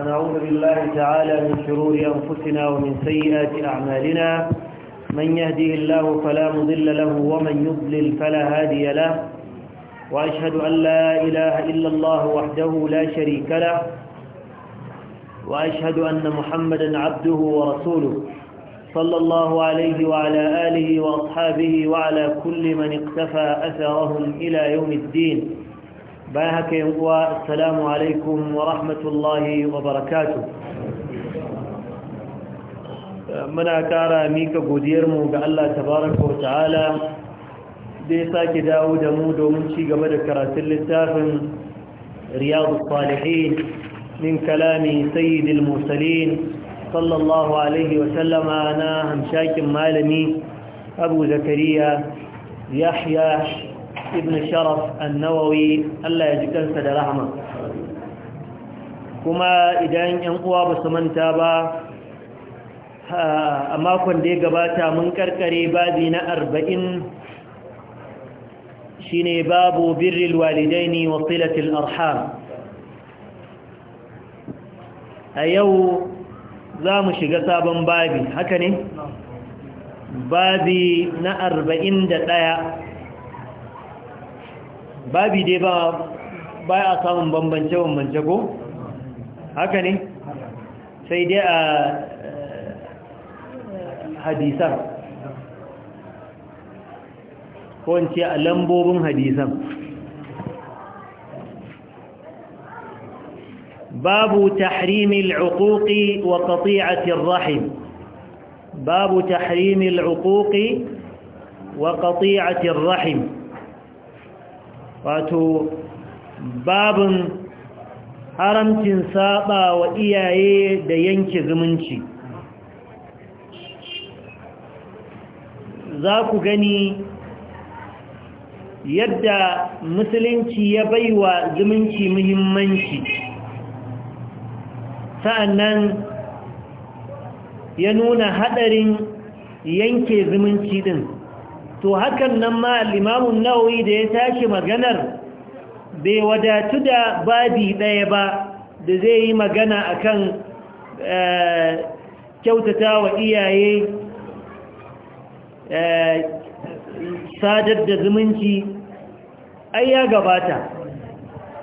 ونعوذ بالله تعالى من شرور أنفسنا ومن سيئات أعمالنا من يهدي الله فلا مضل له ومن يضلل فلا هادي له وأشهد أن لا إله إلا الله وحده لا شريك له وأشهد أن محمدا عبده ورسوله صلى الله عليه وعلى آله وأصحابه وعلى كل من اقتفى أثرهم إلى يوم الدين بايهك ينقوى السلام عليكم ورحمة الله وبركاته منا كارا ميكا قديرمو بألله تبارك وتعالى ديساك داود مود ومنشي قمد كراسل التافن رياض الصالحين من كلام سيد المرسلين صلى الله عليه وسلم أنا همشاك مالمي أبو زكريا يحيى ibn sharaf annawawi Allah ya ji kansa da rahama kuma idan yan uwa ba su manta ba a makon da ya gabata mun karkare babi na arba'in shine babu birril walidaini wa silatil arham a yau za mu shiga sabon babi haka ne babi na arba'in da ɗaya babi dai ba ba a samun bambance-bambance ko haka ne sai dai a hadisan ko in ce a lambobin hadisan باب تحريم العقوق وقطيعة الرحم باب تحريم العقوق وقطيعة الرحم wato babin haramcin saba wa iyaye da yanke zumunci za ku gani yadda musulunci ya baiwa zumunci muhimmanci sa'annan ya nuna haɗarin yanke zumunci ɗin. to hakan nan ma limamun nawawi da ya tashi maganar bai wadatu da babi ɗaya ba da zai yi magana akan eh, kyautata wa iyaye eh, sadar da zumunci ai ya gabata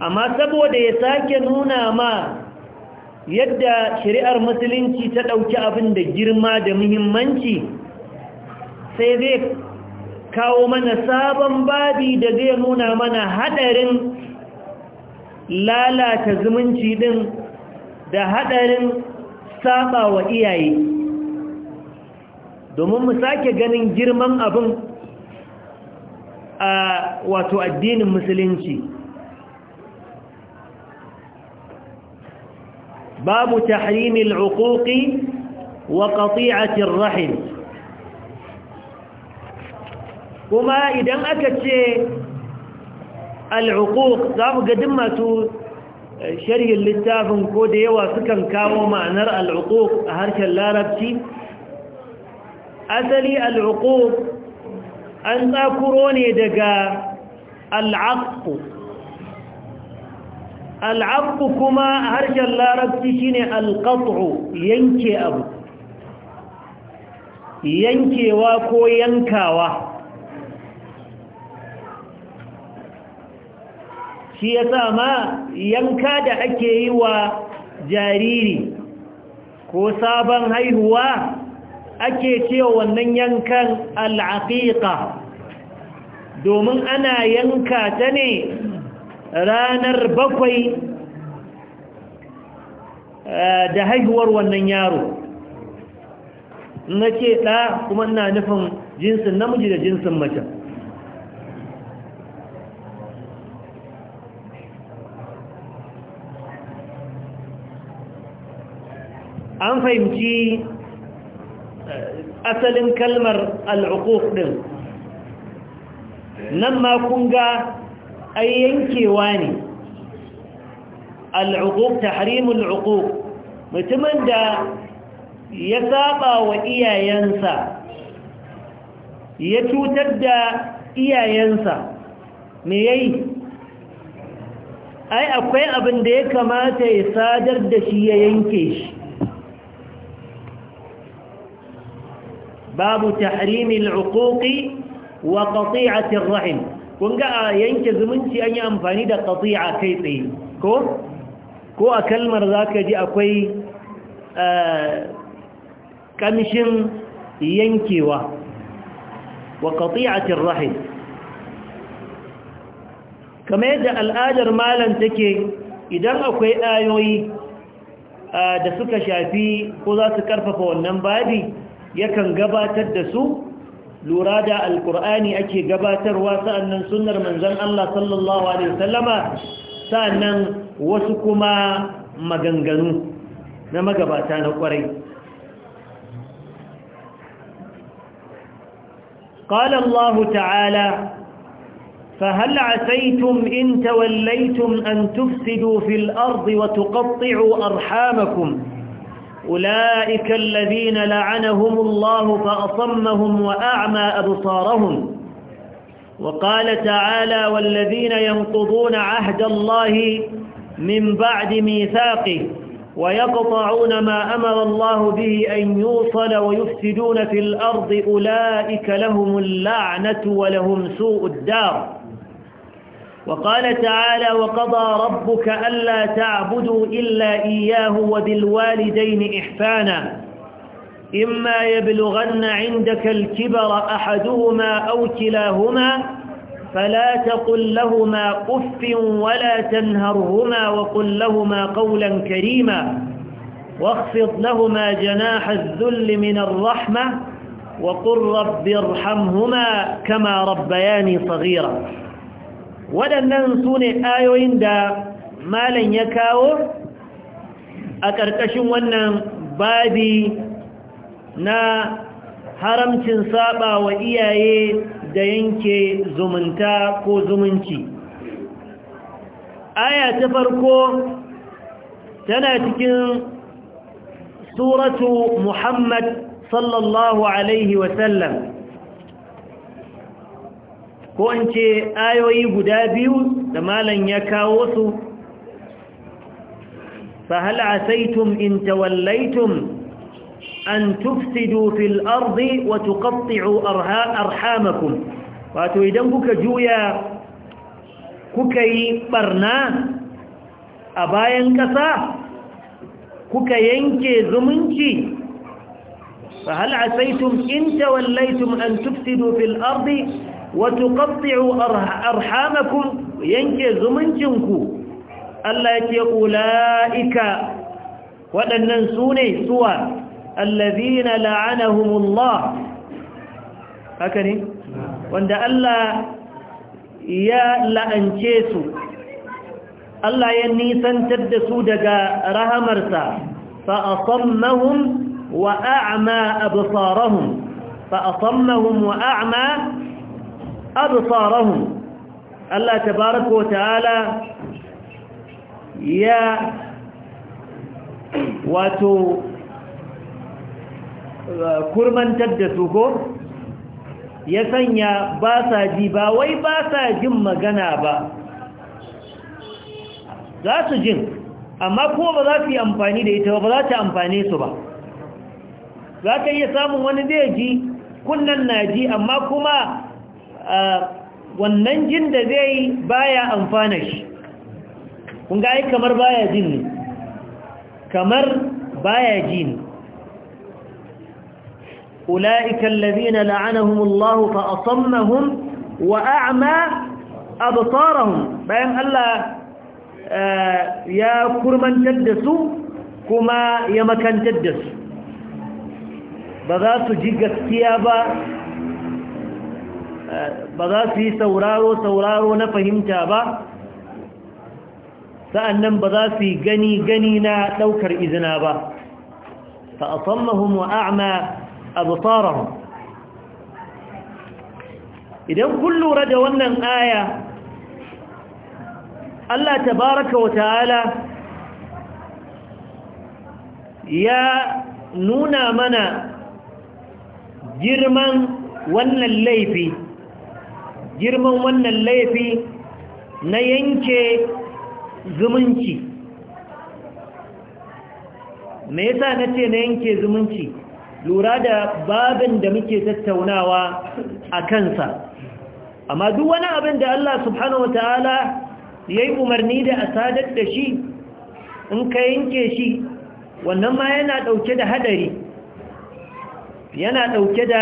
amma saboda ya sake nuna ma yadda shari'ar musulunci ta ɗauki abin da girma da muhimmanci sai zai kawo mana sabon babi da zai nuna mana hadarin lalata zumunci din da hadarin saba wa iyaye domin mu sake ganin girman abin a wato addinin musulunci babu tahrimil uquqi wa qati'atir rahim kuma idan aka ce al'uquq za mu ga masu eh, sharhin littafin ko da yawa sukan kawo ma'anar al'uquq a harshen larabci asali al'uquq an tsakuro ne daga al'aqq al'aqq kuma harshen larabci shine alqat'u yanke abu yankewa ko yankawa shi ya sa ma yanka da ake yi wa jariri ko sabon haihuwa ake cewa wannan yankan al'aƙiƙa domin ana yanka ta ne ranar bakwai eh, da haihuwar wannan yaro na ce ɗa kuma ina nufin jinsin namiji da jinsin mace an fahimci eh, asalin kalmar al'ukuf ɗin. nan ma kun ga ayyankewa yankewa ne ta tahrimul ukuf mutumin da ya saba wa iyayensa ya cutar da iyayensa me yayi ai akwai abin da ya kamata ya sadar da shi ya yanke shi babu tahrimil uquqi wa qati'ati rahim kun ga a yanke zumunci an yi amfani da qati'a kai tsaye ko ko a kalmar zaka ji akwai kamshin yankewa wa qati'ati rahim kamar yadda al'adar malam take idan akwai ayoyi da suka shafi ko za su karfafa wannan babi yakan gabatar da su lura da alkur'ani ake gabatarwa sa'annan sunnar manzon Allah sallallahu alaihi wasallama sa'annan wasu kuma maganganu na magabata na kwarai قال الله تعالى فهل عسيتم إن توليتم أن تفسدوا في الأرض وتقطعوا أرحامكم أولئك الذين لعنهم الله فأصمهم وأعمى أبصارهم وقال تعالى والذين ينقضون عهد الله من بعد ميثاقه ويقطعون ما أمر الله به أن يوصل ويفسدون في الأرض أولئك لهم اللعنة ولهم سوء الدار وقال تعالى وقضى ربك ألا تعبدوا إلا إياه وبالوالدين إحسانا إما يبلغن عندك الكبر أحدهما أو كلاهما فلا تقل لهما قف ولا تنهرهما وقل لهما قولا كريما واخفض لهما جناح الذل من الرحمة وقل رب ارحمهما كما ربياني صغيرا waɗannan su ne ayoyin da malam ya kawo a ƙarƙashin wannan babi na haramcin saba wa iyaye da yanke zumunta ko zumunci aya ta farko tana cikin suratu muhammad sallallahu alaihi wasallam ko an ce ayoyi guda biyu da malan ya kawo su fahal asaitum in tawallaitum an tufsidu fil ardi wa tuqatti'u arhamakum wato idan kuka juya kuka yi barna a bayan ƙasa kuka yanke zumunci fahal asaitum in tawallaitum an tufsidu fil ardi وتقطعوا أرحامكم ينكي زمنكم الله أولئك ولن ننسوني سوى الذين لعنهم الله هكذا وأن الله يا لأنشيسوا الله ينيسان تدسوا دقاء رهمرسا فأصمهم وأعمى أبصارهم فأصمهم وأعمى أبصارهم الله تبارك ta'ala, ya wato kurman da su ko ya sanya ba sa ji ba wai ba sa jin magana ba za su jin amma kuma ba za su yi amfani da ita ba za ta amfane su ba za ka iya samun wani zai ji kunnan na ji amma kuma wannan jin da zai yi baya amfana shi kun ga ai kamar baya jin ne kamar baya jin ulaika allazina la'anahum Allah fa asammahum wa a'ma bayan Allah eh, ya kurmantar da su kuma ya makantar da su ba za su ji gaskiya ba ba za su yi sauraro-sauraro na fahimta ba sa'annan ba za su yi gani-gani na ɗaukar izina ba ta asammahun wa'a'ama abu tsaron idan kun lura da wannan aya Allah tabaraka wa ta'ala ya nuna mana girman wannan laifi girman wannan laifi na yanke zumunci me yasa na ce na yanke zumunci lura da babin da muke tattaunawa a kansa amma duk wani abin da Allah subhanahu wataala ya yi umarni da a sadar da shi in ka yanke shi wannan ma yana ɗauke da hadari yana ɗauke da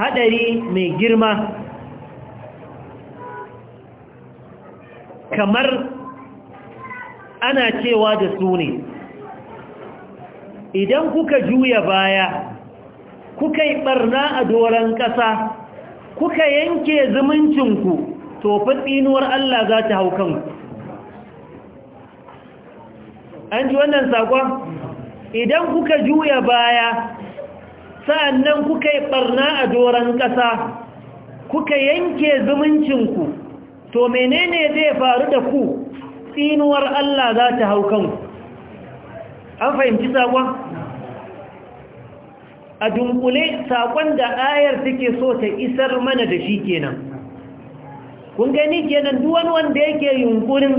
haɗari mai girma kamar ana cewa da su ne idan kuka juya baya kuka yi barna a doron ƙasa kuka yanke zumuncinku to tsinuwar Allah za ta hau kanku an ji wannan sakon idan kuka juya baya sa'annan kuka yi barna a doron ƙasa kuka yanke zumuncinku to menene zai faru da ku tsinuwar Allah za ta hau kanku an fahimci saƙon a dunkule saƙon da ayar take so ta isar mana da shi kenan kun gani kenan duwan wanda yake yunkurin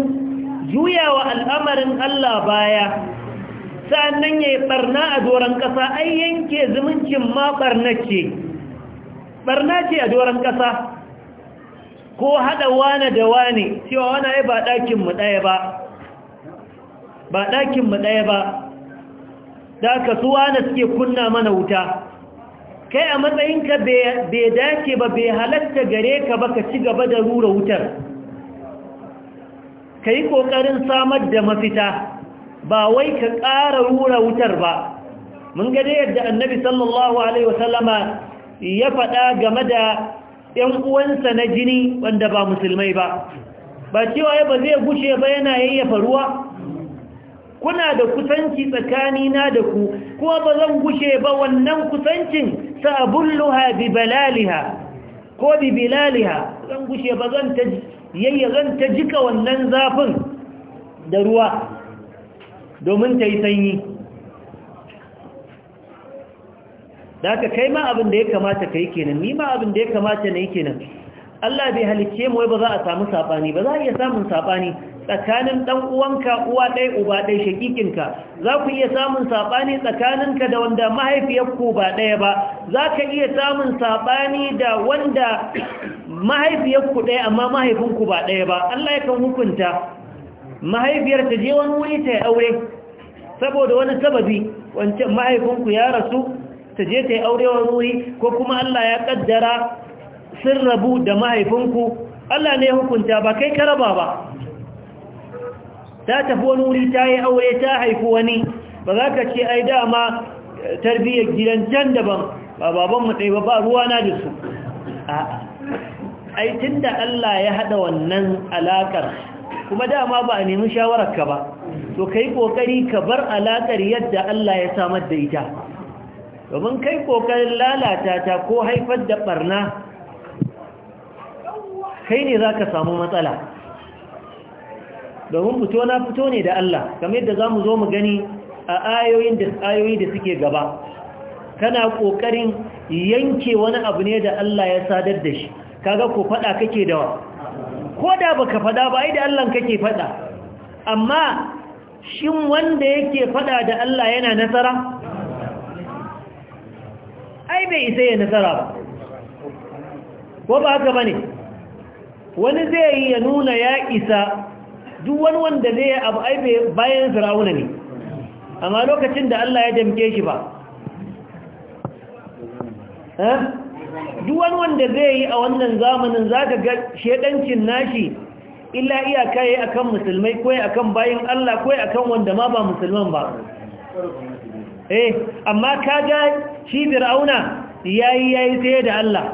juyawa al'amarin Allah baya sa'annan ya yi ɓarna a doron ƙasa ai yanke zumuncin ma ɓarna ce ɓarna ce a doron ƙasa ko haɗa wane da wane cewa wane ai ba ɗakinmu ɗaya ba ba ɗakinmu ɗaya ba da ka su wane suke kunna mana wuta kai a matsayinka bai dace ba bai halatta gare ka ba ka ci gaba da rura wutar ka yi ƙoƙarin samar da mafita ba wai ka ƙara rura wutar ba mun gane yadda annabi sallallahu alaihi wasallama ya faɗa game da ‘yan uwansa na jini wanda ba musulmai ba ba cewa ya ba zai gushe ba yana yayyafa ruwa kuna da kusanci na da ku kuma ba zan gushe ba wannan kusancin sabulluha bi balaliha ko bi bilaliha zan gushe ba zan ta yayya zan ta jika wannan zafin da ruwa domin ta yi sanyi da ka kai ma abin da ya kamata ka yi kenan ni ma abin da ya kamata na yi kenan Allah bai halicce mu ba za a samu saɓani ba za a iya samun saɓani tsakanin dan uwanka uwa ɗaya uba ɗaya shakikinka za ku iya samun saɓani tsakaninka da wanda mahaifiyarku ba ɗaya ba za ka iya samun saɓani da wanda mahaifiyarku ɗaya amma mahaifinku ba ɗaya ba Allah ya kan hukunta mahaifiyar ta je wani wuri ta aure saboda wani sababi wancan mahaifinku ya rasu ta je ta yi aurewar wuri ko kuma Allah ya kaddara sun rabu da mahaifinku Allah ne hukunta ba kai karaba ba ta tafi wani wuri ta yi aure ta haifi wani ba za ka ce ai dama tarbiyyar gidan can daban ba baban mu ba ba ruwa na da su ai tun da Allah ya haɗa wannan alakar kuma dama ba a nemi shawararka ba to yi ƙoƙari ka bar alakar yadda Allah ya samar da ita domin kai kokarin lalata ta ko haifar da barna kai ne za ka samu matsala domin fito na fito ne da Allah kamar yadda za mu zo mu gani a ayoyin da ayoyi da suke gaba kana kokarin yanke wani abu ne da Allah ya sadar da shi kaga ko fada kake dawa ko da baka fada ba ai da Allah kake fada amma shin wanda yake fada da Allah yana nasara ai bai isa ya nasara ba ko ba haka bane wani zai yi ya nuna ya isa duk wani wanda zai abu ai bayan fir'auna ne amma lokacin da Allah ya damke shi ba eh? duk wani wanda zai yi a wannan zamanin za ka ga shedancin nashi illa iyaka yayi akan musulmai ko akan bayin Allah ko akan wanda ma ba musulman ba eh amma kaga shi fir'auna yayi yayi sai da Allah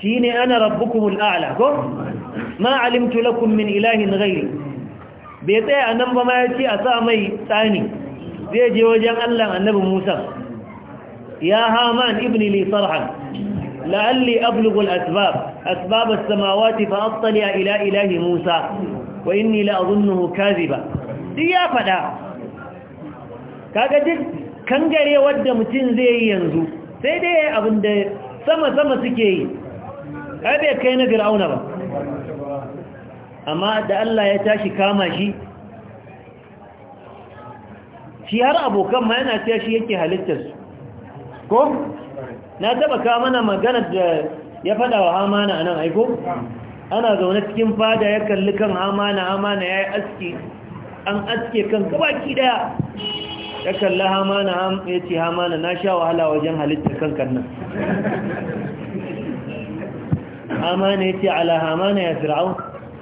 shine ana rabbukumul a'la ko ma alimtu lakum min ilahin ghairi bai tsaya nan ba ma yace a sa mai tsani zai je wajen Allah annabi Musa ya haman ibni li sarhan la'alli ablughu al-asbab asbab as-samawati fa attali ila ilahi Musa wa inni la kadhiba ya fada kaga duk kangare wadda mutum zai yi yanzu sai dai abin da sama-sama suke yi ai bai kai na fir'auna ba amma da Allah ya tashi kama shi shi har abokan ma yana cewa shi yake halittarsu ko na taba ka mana maganar da ya fada wa hamana a nan aiko ana zaune cikin fada ya kalli kan hamana hamana ya yi aski an aske kan gabaki daya ya kalla hamana ya ce hamana na sha wahala wajen halittar kankan nan hamana ya ce ala hamana ya fir'au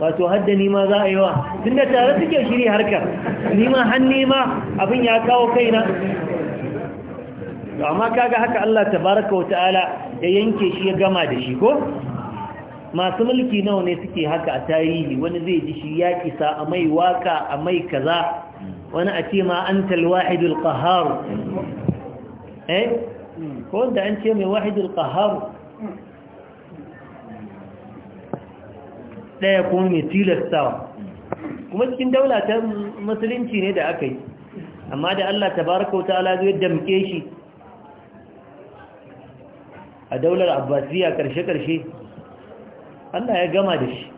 wato hadda nima za a yi wa tun da tare suke shiri harkar nima han nima abin ya kawo kaina amma kaga haka Allah tabaraka wa ta'ala ya yanke shi ya gama da shi ko masu mulki nawa ne suke haka a tarihi wani zai ji shi ya kisa a mai waka a mai kaza wani a ce ma an talwahidul ƙaharu eh ko wanda an ce mai wahidul ƙaharu ɗaya kuma mai tilastawa kuma cikin daula ta musulunci ne da aka yi amma da Allah tabaraka wa ta'ala zai damke shi a daular abbasiya karshe-karshe Allah ya gama da shi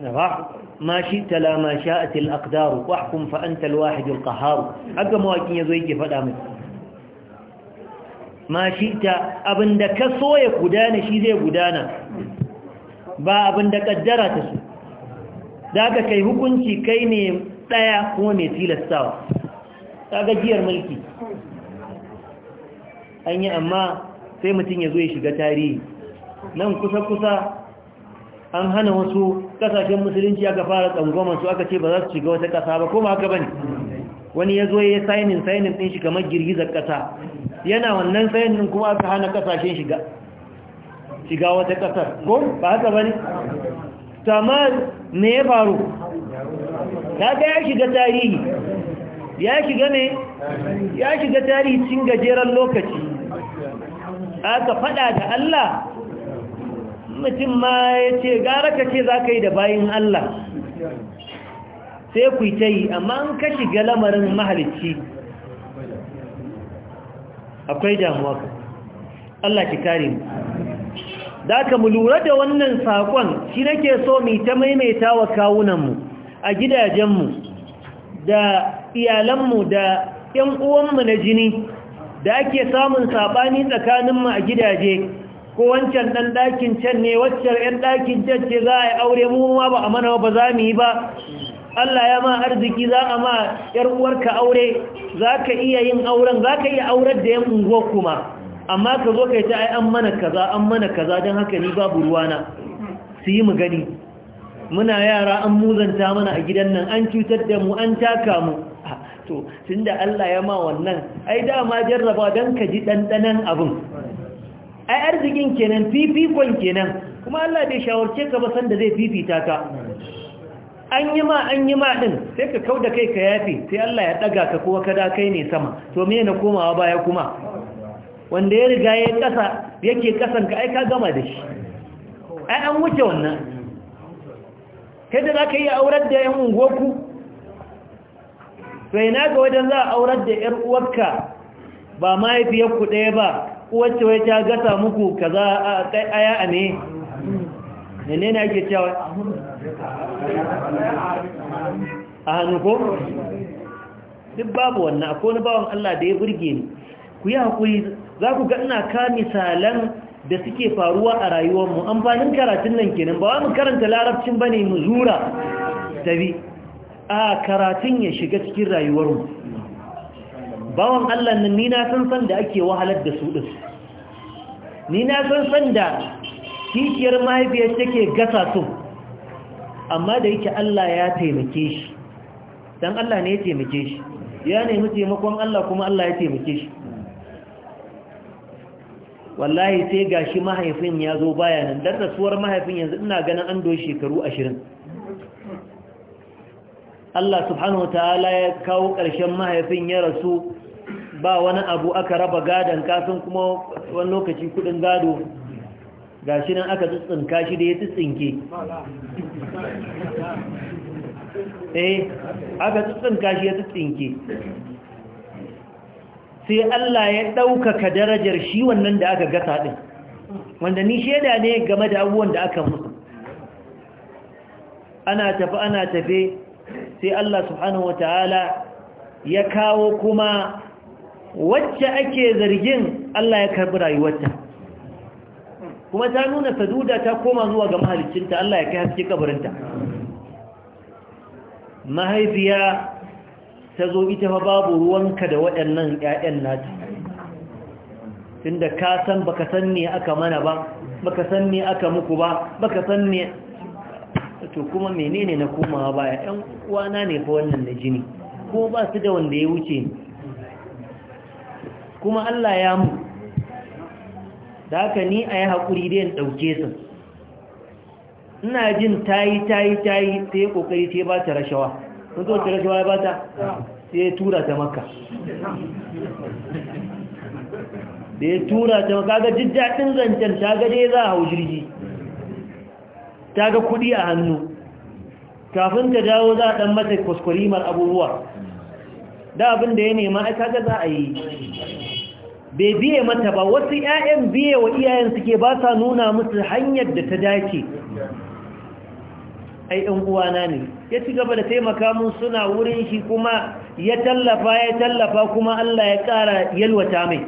na ba ma shi tala ma sha'atil aqdaru wahkum fa anta alwahidul qahhar haka mawakin yazo yake fada mu ma shi abinda ka so gudana shi zai gudana ba abinda kaddara ta so daga kai hukunci kai ne ɗaya kuma mai tilastawa kaga gajiyar mulki an yi amma sai mutum ya zo ya shiga tarihi nan kusa-kusa an hana wasu kasashen musulunci aka fara tsangoma su aka ce ba za su shiga wata kasa ba kuma haka bane wani ya zo ya yi sainin sainin ɗin shi kamar girgizar kasa yana wannan sainin kuma aka hana kasashen shiga shiga wata kasar ko ba haka bane tamar ne ya faru ga ya shiga tarihi ya shiga ne ya shiga tarihi cin gajeren lokaci aka fada da Allah mutum ma ya ce gara ka ce za ka yi da bayan Allah sai ku ta yi amma an kashi ga lamarin mahalicci akwai damuwa Allah ki kare mu da ka mu lura da wannan sakon shi nake so mu ta maimaita wa kawunanmu a gidajenmu da iyalanmu da 'yan uwanmu na jini da ake samun saɓani tsakaninmu a gidaje ko wancan dan dakin can ne waccan yan dakin can ce za a yi aure mu ma ba a mana ba za mu yi ba Allah ya ma arziki za a ma ƴar uwarka aure za ka iya yin auren za ka iya aurar da yan unguwa kuma amma ka zo kai ta ai an mana kaza an mana kaza don haka ni babu ruwana su yi mu gani muna yara an muzanta mana a gidan nan an cutar da mu an taka mu ah, to tunda Allah ya ma wannan ai dama jarraba don ka ji ɗanɗanan abin a arzikin kenan fifikon kenan kuma Allah bai shawarce ka ba san zai fifita ka an yi ma an yi ma din sai ka kauda kai ka yafi sai Allah ya daga ka kuma kada kai ne sama to me na komawa baya kuma wanda ya riga ya kasa yake kasan ka ai ka gama da shi ai an wuce wannan kai da zaka yi aurar da yan ungoku sai na ga wajen za a aurar da yar uwarka ba mahaifiyarku ɗaya ba wacce wai ta gasa muku kaza a kai aya a ne ne ne ake cewa a hannu ko duk babu wannan akwai bawan Allah da ya burge ni ku yi hakuri za ku ga ina ka misalan da suke faruwa a rayuwarmu amfanin karatun nan kenan ba wa mu karanta larabcin bane mu zura tabi a karatun ya shiga cikin rayuwarmu bawan Allah nan ni na san san da ake wahalar da su din ni na san san da kikiyar mahaifiyar take gasa su amma da yake Allah ya taimake shi dan Allah ne ya taimake shi ya nemi taimakon Allah kuma Allah ya taimake shi wallahi sai gashi mahaifin ya zo baya nan, dan rasuwar mahaifin yanzu ina ganin an do shekaru ashirin. Allah subhanahu Ta'ala ya kawo ƙarshen mahaifin ya rasu ba wani abu aka raba gadon kasan kuma wani lokaci kudin gado ga shi nan aka tsinka shi da ya tsinke eh aka tsinka shi ya tsinke sai Allah ya ɗaukaka darajar shi wannan da aka gasa ɗin wanda ni shaida ne game da abubuwan da aka musu ana tafi ana tafe sai Allah subhanahu wa ta'ala ya kawo kuma wacce ake zargin Allah ya karbi rayuwarta kuma ta nuna saduda ta koma zuwa ga mahalicinta Allah ya kai haske kabarinta mahaifiya ta zo ita fa babu ruwanka da waɗannan ƴaƴan nata tunda ka san baka san ne aka mana ba baka san ne aka muku ba baka san ne to kuma menene na komawa baya ƴan uwana ne fa wannan na jini ko ba su da wanda ya wuce kuma Allah ya mu da haka ni a yi haƙuri da yin ɗauke su ina jin ta yi ta yi ta yi ƙoƙari sai ba ta rashawa sun zo ta rashawa ya ba ta sai tura ta maka. da ya tura ta maka ga jijjaɗin zancen ta ga dai za a hau jirgi ta ga kuɗi a hannu kafin ta dawo za a ɗan mata kwaskwarimar abubuwa da abin da ya nema aka kaga za a yi bai biye mata ba wasu 'ya'yan biye wa iyayen suke ba sa nuna musu hanyar da ta dace ai ɗan uwana ne ya ci gaba da taimaka mun suna wurin shi kuma ya tallafa ya tallafa kuma Allah ya ƙara yalwata mai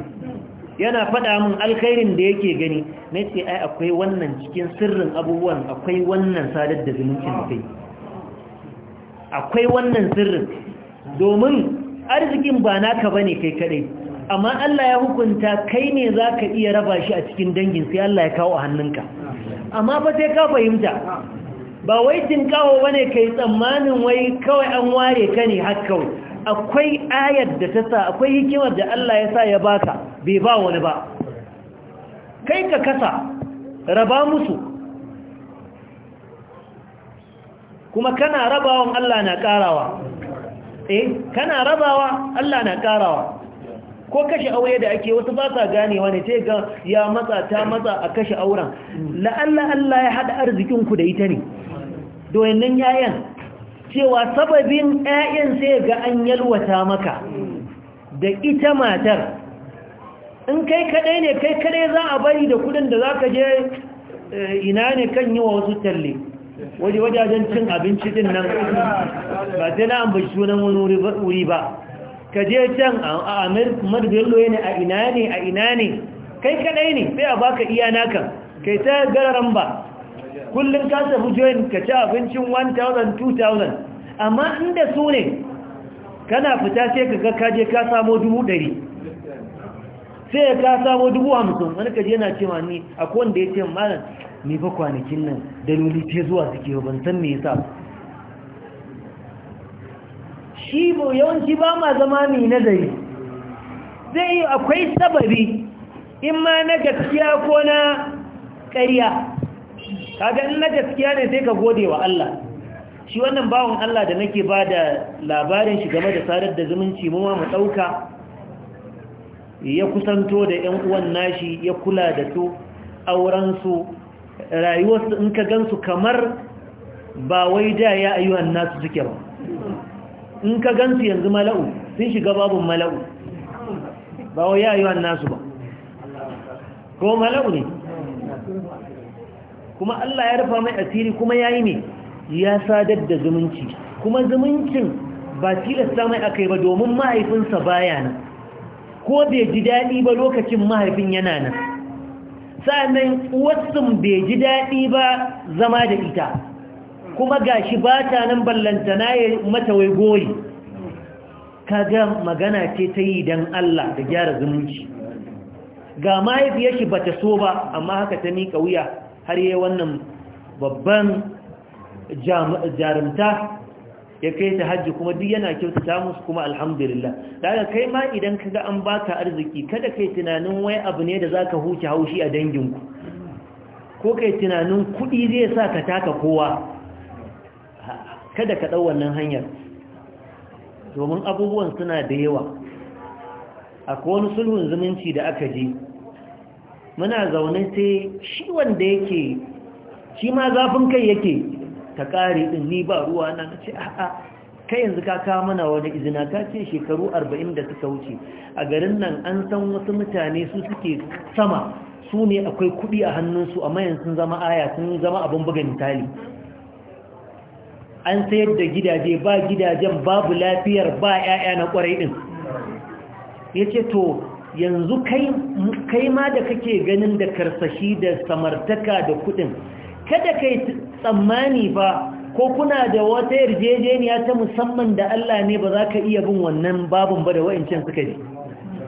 yana faɗa min alkhairin da yake gani na ce ai akwai wannan cikin sirrin abubuwan akwai wannan sadar da zumuncin da kai akwai wannan sirrin domin arzikin ba naka ba ne kai kaɗai, amma Allah ya hukunta kai ne za ka iya raba shi a cikin dangin sai Allah ya kawo a hannunka amma ba sai ka fahimta ba wai ba bane kai tsammanin wai kawai an ware ka ne har kawai akwai ayar da ta sa akwai hikimar da Allah ya sa ya baka bai ba wani ba kai ka kasa raba musu kuma kana rabawan Allah na karawa eh kana rabawa Allah na karawa ko kashe aure da ake wasu ba sa ganewa ne sai ga ya matsa ta matsa a kashe auren la'alla Allah ya hada arzikin ku da ita ne doyannan yayan cewa sababin yayan sai ga an yalwata maka da ita matar in kai kadai ne kai kadai za a bari da kudin da zaka je eh, ina ne kan yi wa wasu talle waje wajajen cin abinci din nan ba sai na ambaci sunan wani wuri ba ka je can a amir madgallo ne a ina ne a ina ne kai kadai ne sai a baka iya naka kai ta gararan ba kullum ka tafi join ka ci abincin 1000 2000 amma inda su ne kana fita sai ka ka je ka samo dari sai ka samo dubu hamsin wani ka je yana ce ma ni akwai wanda ya ce malam ni fa kwanakin nan daloli ce zuwa suke ban san me yasa shi bo yawanci ba ma zama mai nazari zai yi akwai sababi in ma na gaskiya ko na ƙarya kaga in na gaskiya ne sai ka gode wa Allah shi wannan bawon Allah da nake ba da labarin shi game da sadar da zumunci mu ma mu ɗauka ya kusanto da 'yan uwan nashi ya kula da su aurensu rayuwarsu in ka gansu kamar ba wai da ya ayyuhan nasu suke ba in ka gansu yanzu mala'u sun shiga babin mala'u ba wai ya ayyuhan nasu ba ko mala'u ne kuma Allah ya rufa mai asiri kuma ya yi ne ya sadar da zumunci kuma zumuncin ba tilasta mai aka yi ba domin mahaifinsa baya nan ko bai ji daɗi ba lokacin mahaifin yana nan sa'annan uwarsun bai ji daɗi ba zama da ita kuma ga shi ba ta nan na ya mata wai goyi kaga magana ce ta yi don Allah da gyara zumunci ga mahaifiyar shi ba ta so ba amma haka ta nika wuya har yi wannan babban jarumta ya kai ta hajji kuma duk yana kyautata musu kuma alhamdulillah daga kai ma idan ka ga an baka arziki kada kai tunanin wai abu ne da zaka huce haushi a danginku ko kai tunanin kudi zai sa ka taka kowa kada ka dau wannan hanyar domin abubuwan suna da yawa akwai wani sulhun zumunci da aka je muna zaune sai shi wanda yake shi ma zafin kai yake ta ƙare ɗin ni ba ruwa na ce a'a kai yanzu ka kawo mana wani izina ka ce shekaru arba'in da suka wuce a garin nan an san wasu mutane su suke sama su ne akwai kuɗi a hannunsu amma yanzu sun zama aya sun zama abin buga misali an sayar da gidaje ba gidajen babu lafiyar ba ƴaƴa na kwarai din. ya ce to yanzu kai ma da kake ganin da karsashi da samartaka da kuɗin kada kai tsammani ba ko kuna da wata yarjejeniya ta musamman da Allah ne ba za ka iya bin wannan babin ba da wa'incin suka ji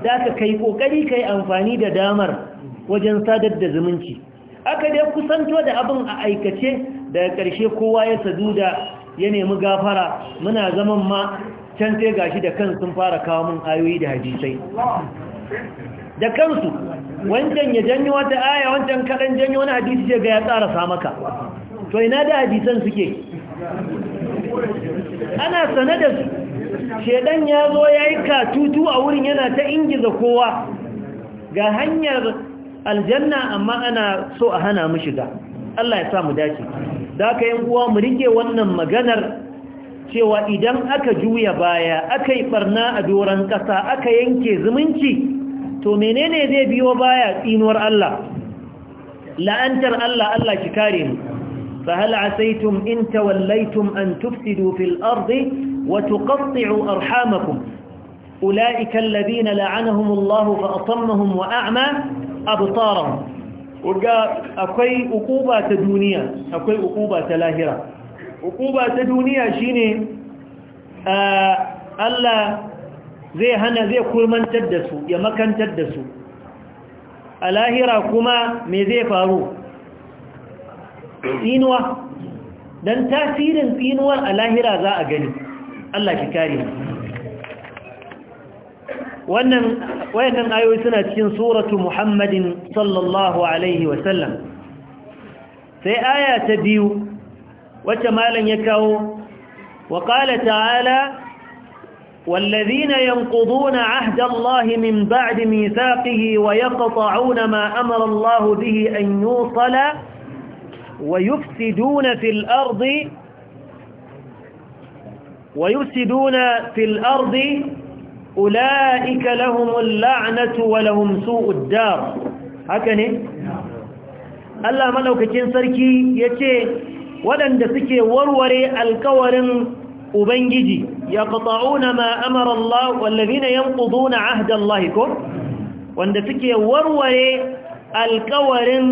za ka kai kokari yi amfani da damar wajen sadar da zumunci aka dai kusanto da abin a aikace daga ƙarshe kowa ya sadu da ya nemi gafara muna zaman ma can sai gashi da kan sun fara kawo min ayoyi da hadisai da kansu wancan ya janyo wata aya wancan kaɗan janyo wani hadisi ce ga ya tsara samaka to ina da hadisan suke ana sane da su shedan ya zo ya yi katutu a wurin yana ta ingiza kowa ga hanyar aljanna amma ana so a hana mu shiga Allah ya samu dace da aka yin uwa mu rike wannan maganar cewa idan aka juya baya aka yi barna a doron ƙasa aka yanke zumunci to menene zai biyo baya tsinuwar Allah la'antar Allah Allah ki kare mu فهل عسيتم إن توليتم أن تفسدوا في الأرض وتقطعوا أرحامكم أولئك الذين لعنهم الله فأطمهم وأعمى أبطارهم وقال أكوي أقوبة دونية أكوي أقوبة لاهرة أقوبة دونية شيني آه، ألا زي هنا زي كل من تدسوا يا مكان تدسوا الاهرة كما مي زي فاروه tsinuwa don tasirin tsinuwar a lahira za a gani Allah ki kare mu wannan wayannan ayoyi suna cikin suratu muhammadin sallallahu alaihi wa sallam sai aya ta biyu wacce malan ya kawo wa qala ta'ala والذين ينقضون عهد الله من بعد ميثاقه ويقطعون ما أمر الله به أن يوصل ويفسدون في الأرض ويفسدون في الأرض أولئك لهم اللعنة ولهم سوء الدار هكذا Allah malaukakin sarki ya ce waɗanda suke warware alkawarin Ubangiji ya ƙasa'una ma'amar Allah wallafi na yankudu na ahdallahi ko wanda suke warware alkawarin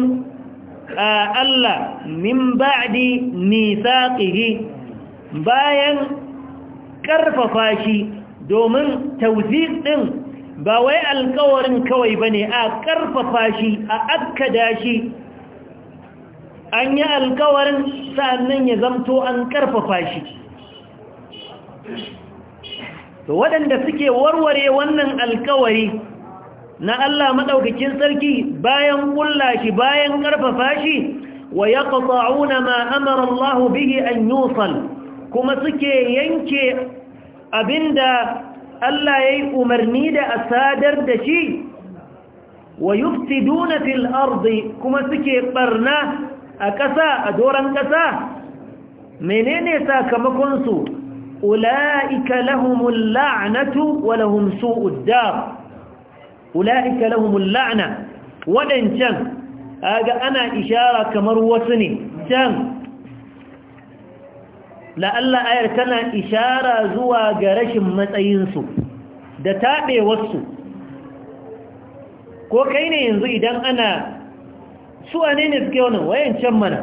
A Allah min ba'di misaqihi bayan karfafa shi domin tawziq din ba wai alƙawarin kawai bane a karfafa shi a akkada shi an yi alƙawarin sannan ya zamto an karfafa shi to waɗanda suke warware wannan alƙawari na Allah madaukakin sarki bayan kulla shi bayan karfafa shi wa yaqta'una ma amara Allah bihi an yusal kuma suke yanke abinda Allah yayi umarni da asadar da shi wa yufsiduna fil ardi kuma suke barna a ƙasa a doran ƙasa menene sakamakonsu ula'ika lahumul la'natu wa lahum su'ud dar ula'ika lahumul la'na wadancan aga ana ishara kamar wasu ne can la'alla ayar tana ishara zuwa ga rashin matsayinsu da taɓewarsu ko kai ne yanzu idan ana su wane ne suke wannan wayancan mana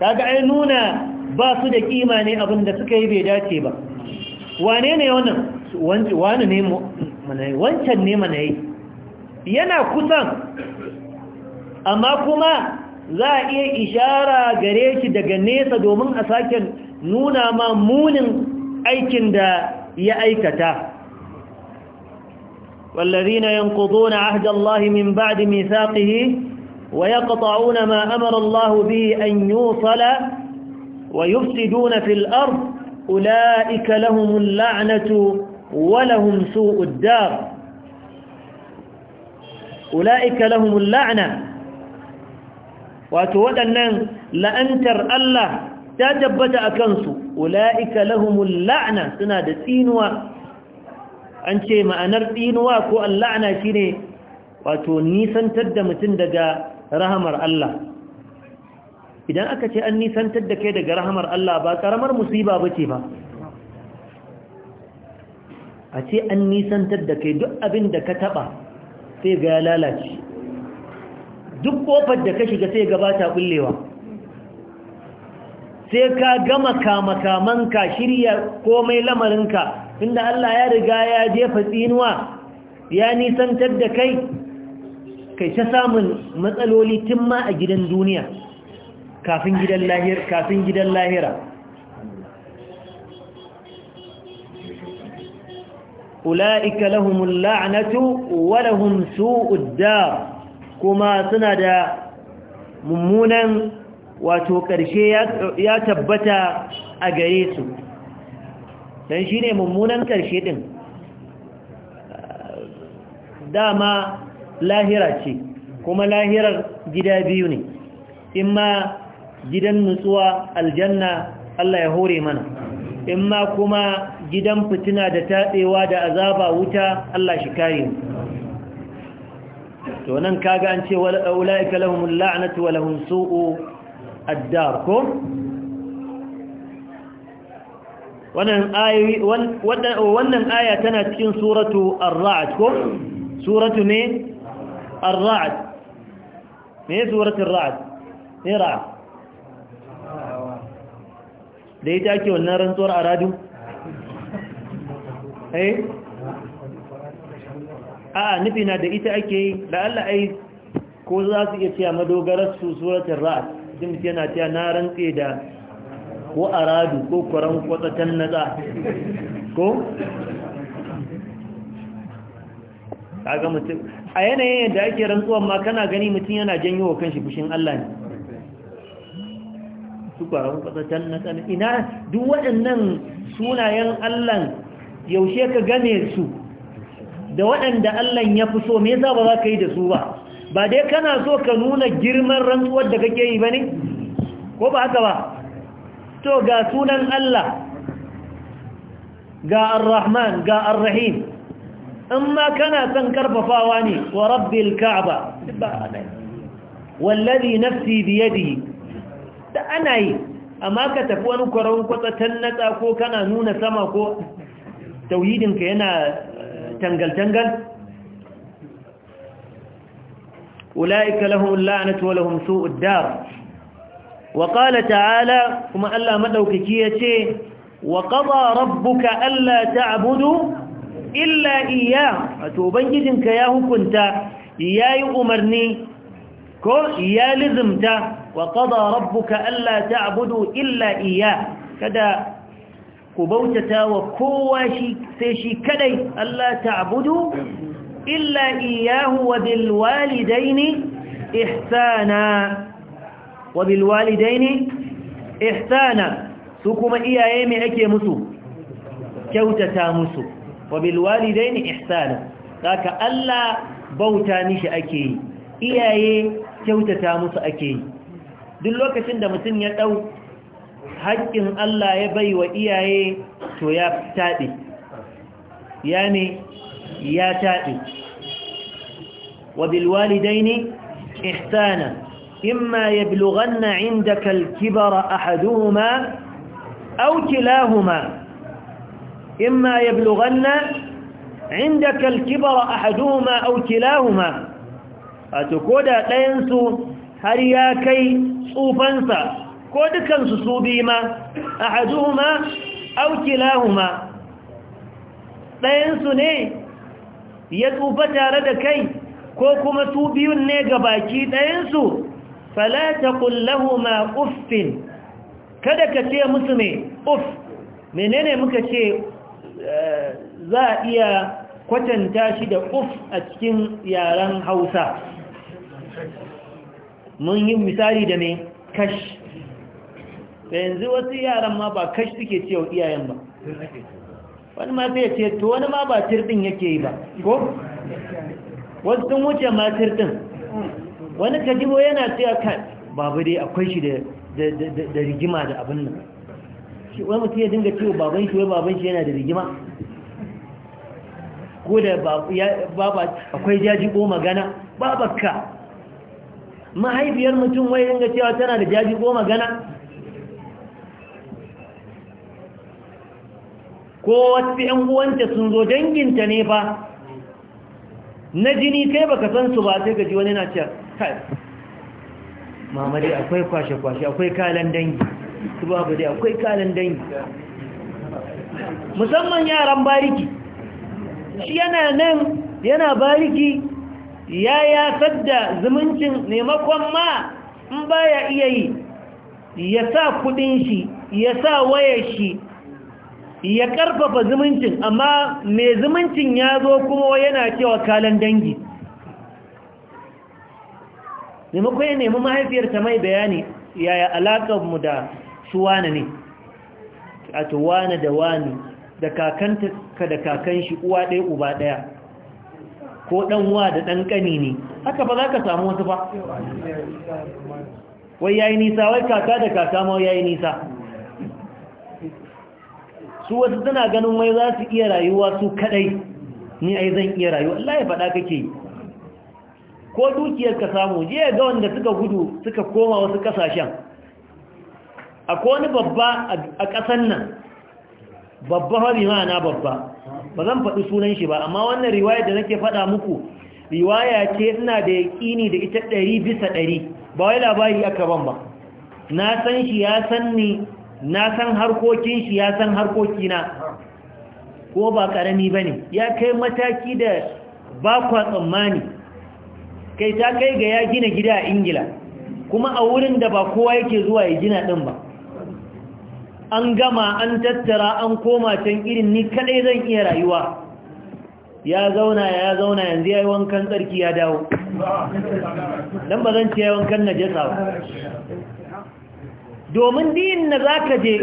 kaga ai nuna ba su da kima ne abinda suka yi bai dace ba wane ne wannan wani ne wancan ne mana yana kusan amma kuma za a iya ishara gare shi daga nesa domin a sake nuna ma munin aikin da ya aikata والذين ينقضون عهد الله من بعد ميثاقه ويقطعون ما أمر الله به أن يوصل ويفسدون في الأرض أولئك لهم اللعنة ولهم سوء الدار أولئك لهم اللعنة وتودنا لأنتر الله تتبت أكنس أولئك لهم اللعنة سنادة تينوا أنت ما أنر تينوا كو اللعنة شيني وتونيسا تدمتن دقا رحمر الله idan aka ce an nisantar da kai daga rahamar Allah ba karamar musiba bace ba a ce an nisantar da kai duk abin da ka taba sai ga ya lalace duk kofar da ka shiga sai gabata bullewa sai ka gama kamakamanka shirya komai lamarinka inda Allah ya riga ya jefa tsinuwa ya nisantar da kai kai ta samun matsaloli tun ma a gidan duniya kafin gidan lahira ula'ika lahumul la'anatu wa su udda kuma suna da mummunan wato ƙarshe ya tabbata a gare su don shi ne mummunan ƙarshe ɗin dama lahira ce kuma lahirar gida biyu ne in ma gidan nutsuwa aljanna Allah ya hore mana in ma kuma gidan fitina da taɗewa da azaba wuta Allah shi kare to nan kaga an ce ulaika lahumul la'natu wa lahum su'u ad-dar ko wannan ayi wannan aya tana cikin suratu ar-ra'd ko suratu ne ar-ra'd ne suratu ar-ra'd ne ra'd da ita ke wannan rantsuwar aradu eh a nufi na da ita ake yi da Allah ai ko za su iya cewa madogarar su suratul ra'd din yana cewa na rantse da ko aradu ko kwaran kwatsatan naza ko kaga mutum a yanayin yadda ake rantsuwa ma kana gani mutum yana janyo wa kanshi fushin Allah ne su kwaran kwatsatan naza ina duk waɗannan sunayen Allah yaushe ka game su da waɗanda Allah ya fi so me yasa ba za ka yi da su ba ba dai kana so ka nuna girman rantsuwar da kake yi ba ne ko ba haka ba to ga sunan Allah ga ar-rahman ga ar-rahim amma kana son karfafawa ne wa rabbil ka'ba wallazi nafsi biyadihi da ana yi amma ka tafi wani kwaron kwatsatan natsa ko kana nuna sama ko tauhidinka yana eh, tangal-tangal ula'ika lahum la'anatu wa lahum su'ud dar wa qala ta'ala kuma Allah madaukaki yace wa qada rabbuka alla ta'budu illa iyyah to bangijinka ya hukunta yayi umarni ko ya lizimta wa qada rabbuka alla ta'budu illa iya kada ku bautata wa kowa sai shi kadai Allah ta'budu illa iyyahu wa bil walidaini ihsana wa bil walidaini ihsana su kuma iyaye me ake musu kyautata musu wa bil walidaini ihsana kaka Allah bauta mishi ake yi iyaye kyautata musu ake yi duk lokacin da mutum ya dau hakkin Allah ya bai wa iyaye to ya taɗe yani ya taɗe wa bilwalidai ne ihsana imma yablughanna indaka al-kibara ahaduhuma أو كلاهما إما يبلغن عندك الكبر أحدهما أو كلاهما أتكودا تينسو هرياكي صوفنسا ko dukansu su biyu ma ahaduhuma aw ɗayansu ne ya tsufa tare da kai ko kuma su biyun ne ga baki ɗayansu falata kullahu ma uffin kada ka ce musu ne uff menene muka ce eh, za a iya kwatanta shi da uff a cikin yaren hausa mun yi misali da mai kash da yanzu wasu yaran ma ba kashi suke cewa iyayen ba wani ma sai ce to wani ma ba tirdin yake yi ba ko wasu sun wuce ma tirdin wani kajibo yana a kan babu dai akwai shi da rigima da abin nan shi wani mutum ya dinga ciwo baban shi wai baban shi yana da rigima ko da baba akwai jajibo magana babakka mahaifiyar mutum wai dinga cewa tana da jajibo magana ko wasu ‘yan uwanta sun zo danginta ne ba. na jini kai baka san su ba sai gaji wani na ce kai mamari akwai kwashe-kwashe akwai kalan dangi su ba dai akwai kalan dangi musamman yaran bariki shi yana nan yana bariki ya ya sadda zumuncin nemakon ma in baya iya yi ya sa kudin shi ya sa wayar shi ya karfafa zumuncin amma mai zumuncin ya zo kuma yana cewa kalan dangi maimakon ya nemi mahaifiyarta mai bayani yaya alaƙarmu da su wane ne a to wane da wane da kakanta ka da kakan shi uwa ɗaya uba ɗaya ko ɗanwa da ɗan ƙani ne haka ba za ka samu wasu ba wai yayi nisa wai kaka da kaka ma yayi nisa su wasu suna ganin mai za su iya rayuwa su kadai ni ai zan iya rayuwa Allah ya faɗa kake ko dukiyar ka samu je ga wanda suka gudu suka koma wasu kasashen akwai wani babba a ƙasan nan babba hari na babba ba zan faɗi sunan shi ba amma wannan riwaya da nake faɗa muku riwaya ce ina da yaƙini da ita ɗari bisa ɗari ba wai labari aka ban ba na san shi ya san ni na san harkokin shi ya san harkoki na, ko ba karami ba ne ya kai mataki da bakwa tsammani kai ta kai ga ya gina gida a ingila kuma a wurin da ba kowa yake zuwa ya gina din ba an gama an tattara an koma can irin ni kaɗai zan iya rayuwa ya zauna ya zauna yanzu ya yi wankan tsarki ya dawo don ba zan ce ya wankan najasa ba domin din na zaka je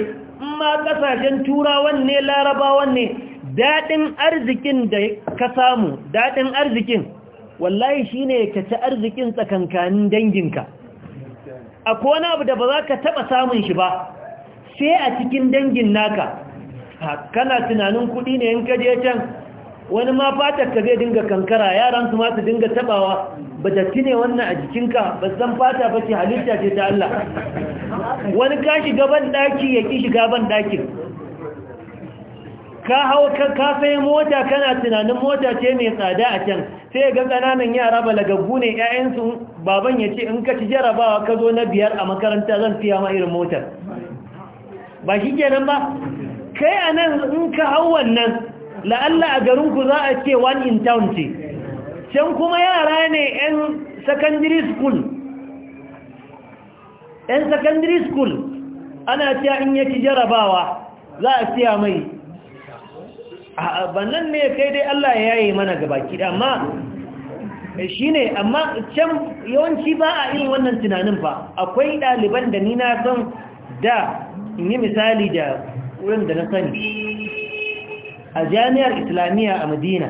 in ma kasashen turawan ne larabawan ne daɗin arzikin da ka samu daɗin arzikin wallahi shine ka ci arzikin tsakankanin danginka A wani abu da ba za ka taɓa samun shi ba sai a cikin dangin naka kana tunanin kuɗi ne in ka je can wani ma fatar ka zai dinga kankara yaran su ma su dinga tabawa ba ta ne wannan a jikinka ba san fata ba ce halitta ce ta Allah wani ka shiga ban daki ya ki shiga ban dakin ka hau ka sai mota kana tunanin mota ce mai tsada a can sai ga kananan yara ba balagaggu ne ƴaƴansu baban ya ce in ka ci jarabawa ka zo na biyar a makaranta zan siya ma irin motar ba shi kenan ba kai anan in ka hau wannan la'alla a garinku za a ce one in town ce can kuma yara ne 'yan secondary school 'yan secondary school ana cewa in ya ci jarabawa za a siya mai a ne kai dai Allah ya yi mana gabaki amma shi ne amma can yawanci ba a irin wannan tunanin ba, akwai ɗaliban da ni na san da in yi misali da wurin da na sani a jami'ar islamiyya a madina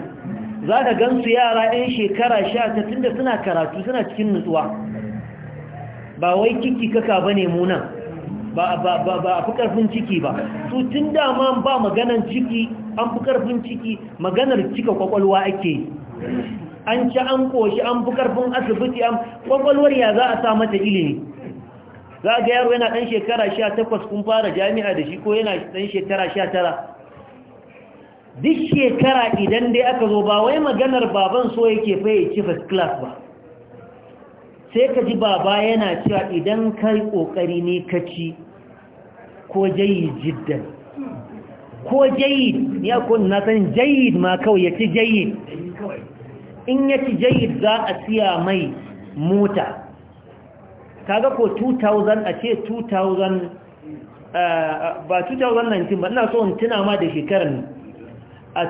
za ka gansu yara 'yan shekara sha ta tunda suna karatu suna cikin nutsuwa ba wai ciki kaka ba ne munan ba a fi ƙarfin ciki ba su tun dama ba maganar ciki an fi ƙarfin ciki maganar cika kwakwalwa ake an ci an koshi an fi ƙarfin asibiti an kwakwalwar ya za a sa mata ilimi za ga yaro yana ɗan shekara sha takwas kun fara jami'a da shi ko yana ɗan shekara sha tara duk shekara idan dai aka zo ba wai maganar baban so yake faye ci first class ba sai ka ji baba yana cewa idan kai kokari ne ka ci ko jayi jiddan ko jayid ya kun na san jayid ma kawai ya ci jayid in ya ci jayid za a siya mai mota kaga ko 2000 a ce 2000 eh, ba 2019 ba ina so in tuna ma da shekarar a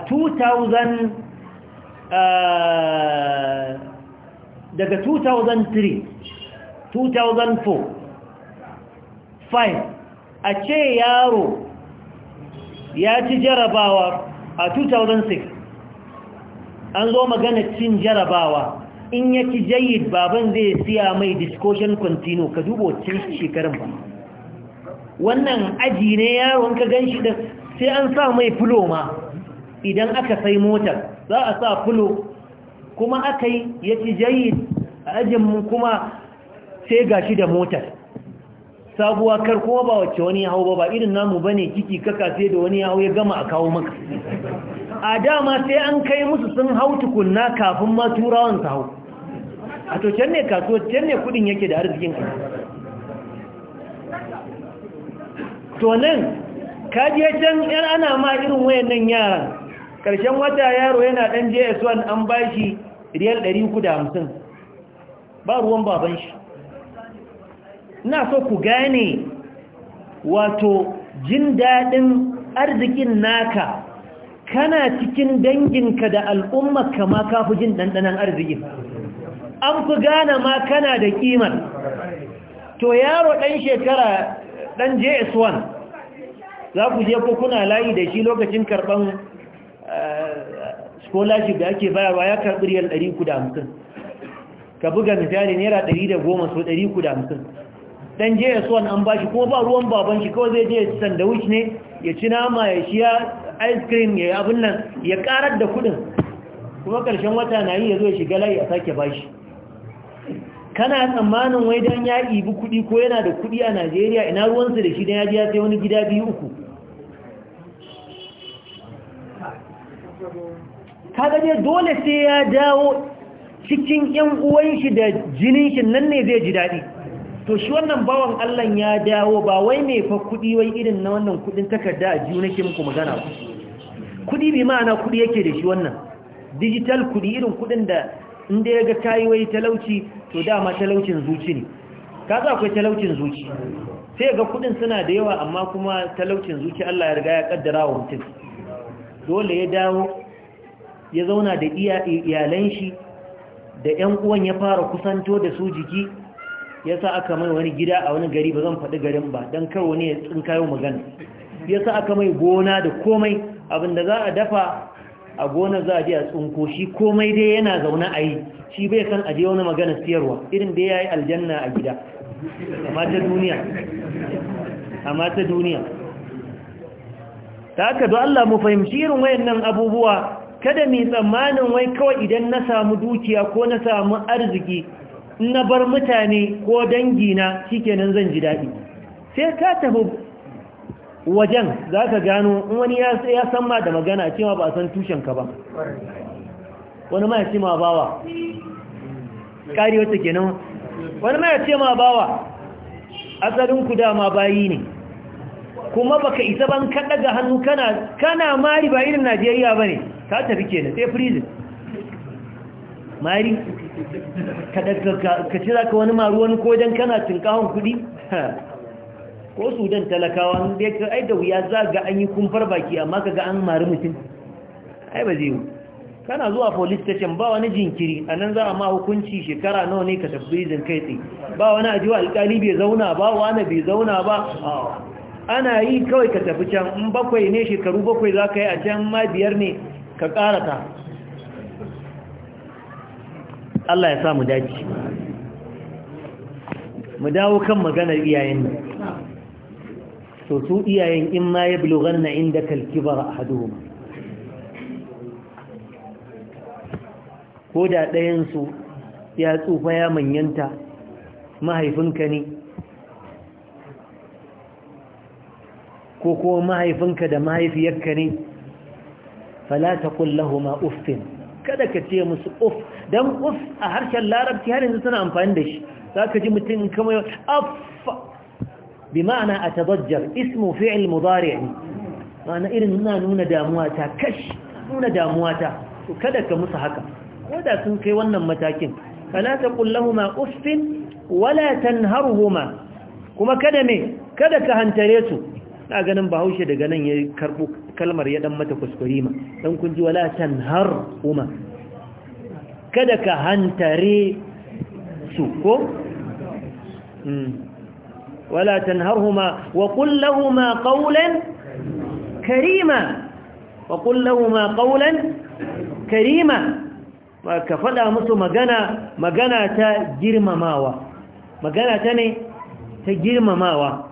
uh, daga 2003 2004 5 a ce yaro ya ci jarabawa a 2006 an zo magana cin jarabawa in ya ci jayyid baban zai siya mai discussion continue ka dubo cin shekarun ba wannan aji ne yaron ka gan shi da sai an sa mai fulo ma idan aka sai motar za a sa fulo kuma aka yi ya ci jayi a ajinmu kuma sai gashi da motar sabuwa kar kuma ba wacce wani ya hau ba ba irin namu bane kiki kaka sai da wani ya hau ya gama a kawo maka a dama sai an kai musu sun hau tukunna kafin ma turawan su hau a to can ne kasuwa can ne kudin yake da arzikin ka to nan kaji ya can yan ana ma irin wayannan yaran ƙarshen wata yaro yana ɗan js1 an ba shi riyal 350 ba ruwan baban shi na so ku gane wato jin daɗin arzikin naka kana cikin danginka da al'umma ma kafu jin ɗanɗanen arzikin an fi gane ma kana da ƙimar to yaro ɗan shekara ɗan js1 za ku je ko kuna layi da shi lokacin karɓan scholarship da ake bayarwa ya karɓi riyal mutum ka buga misali naira goma so ɗari 350 dan je ya suwan an bashi kuma ba ruwan baban shi kawai zai je ya ci sandwich ne ya ci nama ya ya ice cream ya yi abin nan ya karar da kuɗin. kuma ƙarshen wata na yi ya zo ya shiga layi a sake bashi kana tsammanin wai don ya ibi kuɗi ko yana da kudi a Najeriya ina ruwansa da shi don ya je ya sai wani gida biyu uku kaga ne dole sai ya dawo cikin 'yan uwan shi da jinin shi nan ne zai ji daɗi to shi wannan bawan Allah ya dawo ba wai mai fa kuɗi wai irin na wannan kuɗin takarda a juna nake muku magana kuɗi bi ma'ana kuɗi yake da shi wannan digital kuɗi irin kuɗin da inda ya ga kayi wai talauci to dama talaucin zuci ne kaga akwai talaucin zuci sai ga kuɗin suna da yawa amma kuma talaucin zuci Allah ya riga ya kaddara wa mutum dole ya dawo ya zauna da iyalan shi da ‘yan uwan ya fara kusanto da su jiki ya sa aka mai wani gida a wani gari ba zan faɗi garin ba don karo ne ya kayo magana ya sa aka mai gona da komai abinda za a dafa a gona za a je a tsinko shi komai dai yana zaune a yi shi bai san aje wani magana siyarwa irin da ya yi aljanna a gida amma ta duniya ta haka don Allah mu fahimci irin wayannan abubuwa kada mai tsammanin wai kawai idan na samu dukiya ko na samu arziki na bar mutane ko dangi dangina shikenan zan ji daɗi sai ka tafi wajen za ka gano wani ya san ma da magana cewa ba a san ka ba wani ma ya ce ma bawa kariyo take nan wani ma ya bawa asalin ku dama bayi ne kuma baka isa ban ka daga hannu kana kana mari ba irin Najeriya bane ka tafi kenan sai prison mari ka daga ka ci zaka wani maru wani ko dan kana tinkawon kudi ko sudan talakawa dai ka ai da wuya za ga an yi kumfar baki amma kaga an mari mutum ai ba zai kana zuwa police station ba wani jinkiri a nan za a ma hukunci shekara nawa ne ka tabbizin kai tsaye ba wani ajiwa alkali bai zauna ba wani bai zauna ba ana yi kawai ka tafi can in bakwai ne shekaru bakwai za ka yi a can ma biyar ne ka ƙara ta Allah ya sa mu dace mu dawo kan maganar iyayen so su iyayen in ma ya inda kalkibar a hadu ma ko da ɗayan ya tsufa ya manyanta mahaifinka ne ko kuma mahaifinka da mahaifiyarka ne fala taqul lahumu uffin kada ka ce musu uff dan uff a harshen larabci har yanzu suna amfani da shi zaka ji mutum kamar aff bi ma'ana atadajjar ismu fi'l mudari' ma'ana irin na nuna damuwa ta kash nuna damuwa ta kada ka musu haka koda sun kai wannan matakin fala taqul lahumu uffin wala tanharhuma kuma kada me kada ka hantare su na ganin bahaushe daga nan ya karbo kalmar ya dan mata kuskure ma dan kun ji wala tanhar uma kada ka hantare su ko hmm. wala tanharhuma wa qul lahumu qawlan karima wa qul lahumu qawlan karima ka faɗa musu magana magana ta girmamawa magana ta ne ta girmamawa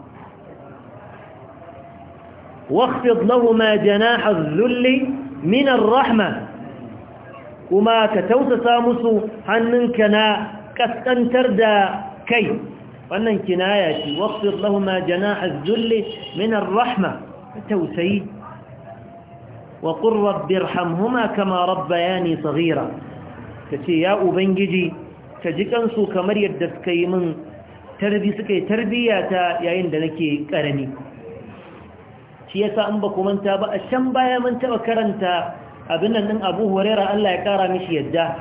واخفض لهما جناح الذل من الرحمة وما كتوت سامس حننك نا كسكنتر دا كي wannan kinaya ce waqfid lahumma janaaha adh-dhulli min ar-rahma tawsayi wa qur rabbirhamhuma kama rabbayani saghira kace ya ubangiji ka ji kansu kamar yadda suka yi min tarbi suka yi tarbiya ta yayin da nake karami shi yasa an ba manta ba a can baya mun taba karanta abin nan din Abu Huraira Allah ya kara mishi yadda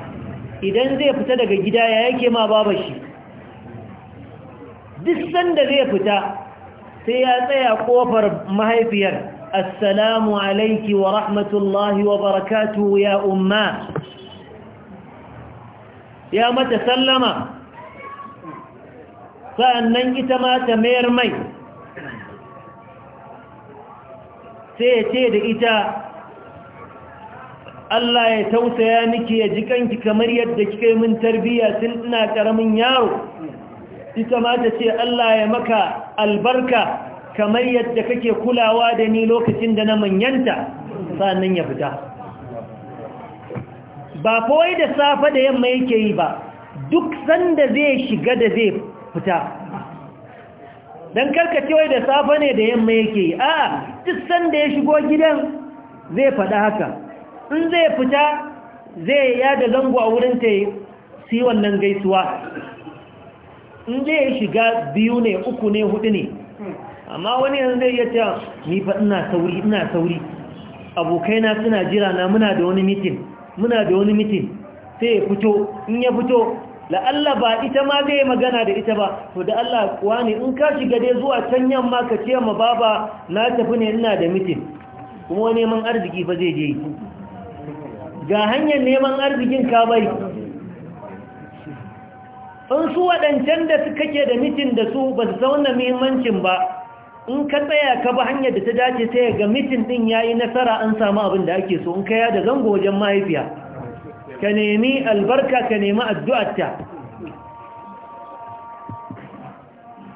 idan zai fita daga gida ya yake ma baba shi duk sanda zai fita sai ya tsaya kofar mahaifiyar assalamu alayki wa rahmatullahi wa barakatu ya umma ya mata sallama sa'annan ita ma ta mayar mai sai ya ce da ita Allah ya tausaya miki ya ji kanki kamar yadda kika yi min tarbiyya tun ina karamin yaro ita ma ta ce Allah ya maka albarka kamar yadda kake kulawa da ni lokacin da na manyanta sannan ya fita ba kawai da safa da yamma yake yi ba duk sanda zai shiga da zai fita don karkacewa da safe ne da yamma yake yi a duk sanda ya shigo gidan zai faɗa haka in zai fita zai yada zango a wurin ta yi wannan gaisuwa in zai shiga biyu ne uku ne hudu ne amma wani yanzu zai iya ni fa ina sauri ina sauri abokaina suna jira na muna da wani muna da wani mitin sai ya fito in ya fito la'alla ba ita ma zai magana da ita ba to da Allah kuwa ne in ka shiga dai zuwa can yamma ka ce ma baba na tafi ne ina da mitin kuma neman arziki ba zai je ga hanyar neman arzikin ka bari in su waɗancan da suka ke da mitin da su ba su zauna muhimmancin ba in ka tsaya ka ba hanyar da ta dace sai ga mitin ɗin ya yi nasara an samu abin da ake so in ka da zango wajen mahaifiya ka nemi albarka ka nemi addu'arta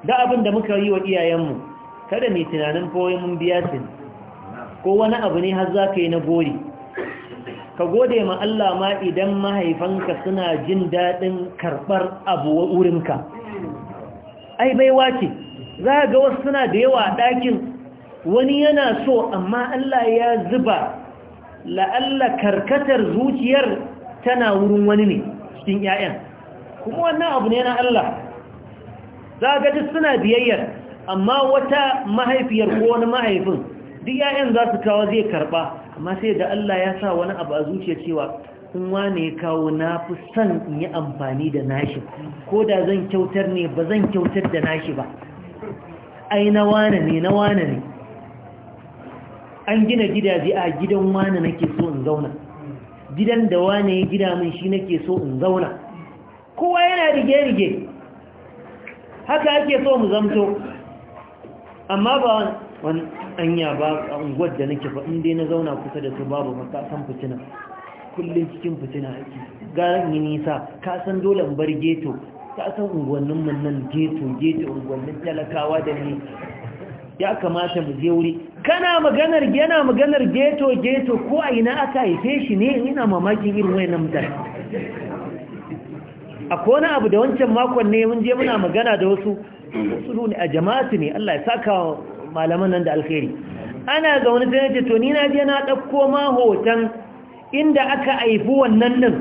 da abin da muka yi wa iyayenmu kada mai tunanin foyin mun biya su ko wani abu ne har za ka yi na gori ka gode ma Allah ma idan mahaifanka suna jin daɗin karɓar abu wurinka ai baiwa ce za ga wasu suna da yawa a ɗakin wani yana so amma Allah ya zuba la'alla karkatar zuciyar tana wurin wani ne cikin 'ya'yan kuma wannan abu ne na Allah za ga duk suna biyayyar amma wata mahaifiyar ko wani mahaifin duk 'ya'yan za su kawo zai karɓa, amma sai da Allah ya sa wani abu a zuciya cewa in wane ya kawo na fi son in yi amfani da nashi ko da zan kyautar ne ba zan kyautar da nashi ba ai na wane ne na wane ne an gina gidaje a gidan wane nake so in zauna gidan da wane ya gida min shi nake so in zauna kowa yana rige-rige haka ake so mu zamto amma ba wani anya ba a unguwar da nake ba inda na zauna kusa da su babu san fitina kullum cikin fitina ake garin yi nisa ka san dole in bar geto san unguwannin nan geto geto unguwannin talakawa da ne ya kamata mu je wuri kana maganar yana maganar geto geto ko a ina aka haife shi ne ina mamakin irin na mutar A wani abu da wancan makon ne mun je muna magana da wasu wasu ne a jama'atu ne Allah ya saka malaman nan da alkhairi ana ga wani zai ce to ni na je na dauko ma hoton inda aka haifi wannan nan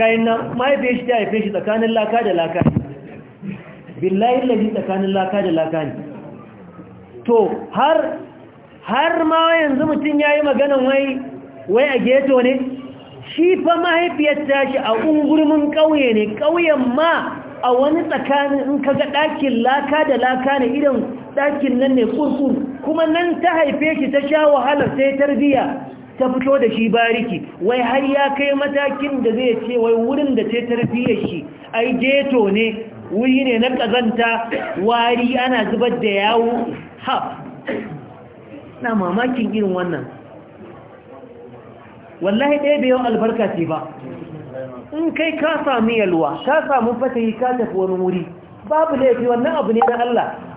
ga ina mahaife shi ta haife shi tsakanin laka da laka billahi lafi tsakanin laka da laka ne to har har ma yanzu mutum yayi maganan wai wai a geto ne shi fa mahaifiyar shi, a ungurmin ƙauye ne ƙauyen ma a wani tsakanin in kaga ɗakin laka da laka ne idan ɗakin nan ne kurkur kuma nan ta haife shi ta sha wahalar sai tarbiya ta fito da shi bariki wai har ya kai matakin da zai ce wai wurin da ta tarbiyyar shi ai geto ne wuri ne na kazanta wari ana zubar da yawo haf na mamakin irin wannan wallahi ɗaya bai yawan albarka ce ba in kai ka sami yalwa ka samu fatayi ka tafi wani wuri babu laifi wannan abu ne na Allah